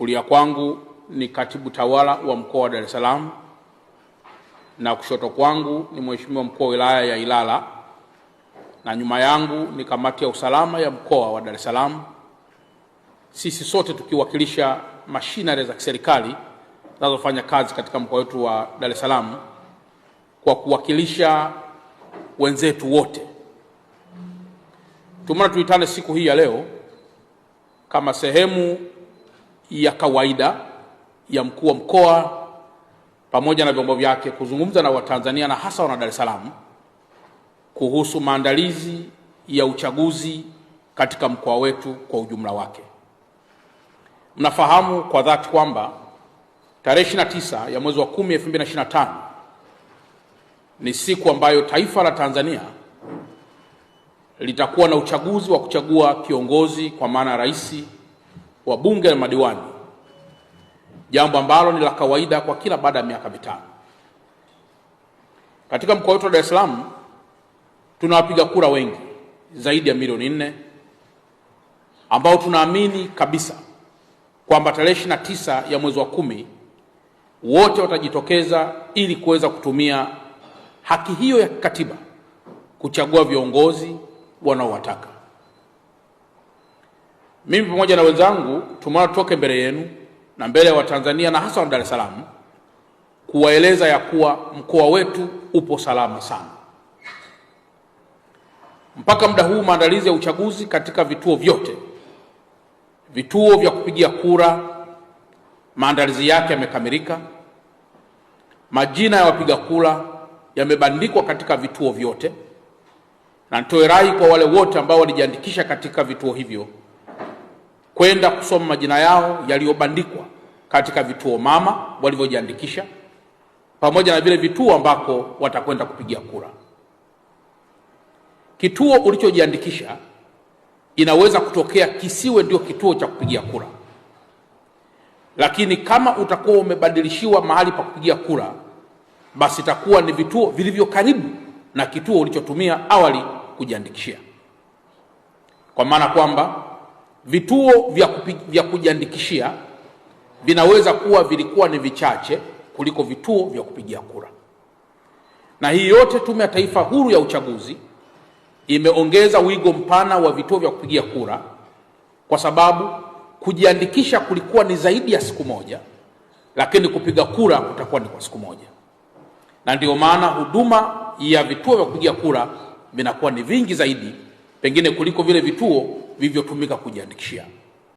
Kulia kwangu ni katibu tawala wa mkoa wa Dar es Salaam na kushoto kwangu ni mheshimiwa mkuu wa wilaya ya Ilala na nyuma yangu ni kamati ya usalama ya mkoa wa Dar es Salaam, sisi sote tukiwakilisha mashinare za kiserikali zinazofanya kazi katika mkoa wetu wa Dar es Salaam kwa kuwakilisha wenzetu wote. tumeona tuitane siku hii ya leo kama sehemu ya kawaida ya mkuu wa mkoa pamoja na vyombo vyake kuzungumza na Watanzania na hasa wana Dar es Salaam kuhusu maandalizi ya uchaguzi katika mkoa wetu kwa ujumla wake. Mnafahamu kwa dhati kwamba tarehe 29 ya mwezi wa 10 2025 ni siku ambayo taifa la Tanzania litakuwa na uchaguzi wa kuchagua kiongozi kwa maana rais wa bunge na madiwani, jambo ambalo ni la kawaida kwa kila baada ya miaka mitano. Katika mkoa wetu wa Dar es Salaam tuna wapiga kura wengi zaidi ya milioni nne ambao tunaamini kabisa kwamba tarehe ishirini na tisa ya mwezi wa kumi wote watajitokeza ili kuweza kutumia haki hiyo ya kikatiba kuchagua viongozi wanaowataka mimi pamoja na wenzangu tumana tutoke mbele yenu na mbele ya wa Watanzania na hasa wa Dar es Salaam kuwaeleza ya kuwa mkoa wetu upo salama sana. Mpaka muda huu maandalizi ya uchaguzi katika vituo vyote, vituo vya kupigia kura, maandalizi yake yamekamilika. Majina ya wapiga kura yamebandikwa katika vituo vyote, na nitoe rai kwa wale wote ambao walijiandikisha katika vituo hivyo kwenda kusoma majina yao yaliyobandikwa katika vituo mama walivyojiandikisha pamoja na vile vituo ambako watakwenda kupigia kura. Kituo ulichojiandikisha inaweza kutokea kisiwe ndio kituo cha kupigia kura, lakini kama utakuwa umebadilishiwa mahali pa kupigia kura, basi itakuwa ni vituo vilivyo karibu na kituo ulichotumia awali kujiandikishia, kwa maana kwamba Vituo vya, vya kujiandikishia vinaweza kuwa vilikuwa ni vichache kuliko vituo vya kupigia kura, na hii yote Tume ya Taifa Huru ya Uchaguzi imeongeza wigo mpana wa vituo vya kupigia kura kwa sababu kujiandikisha kulikuwa ni zaidi ya siku moja, lakini kupiga kura kutakuwa ni kwa siku moja, na ndiyo maana huduma ya vituo vya kupigia kura vinakuwa ni vingi zaidi pengine kuliko vile vituo vilivyotumika kujiandikishia.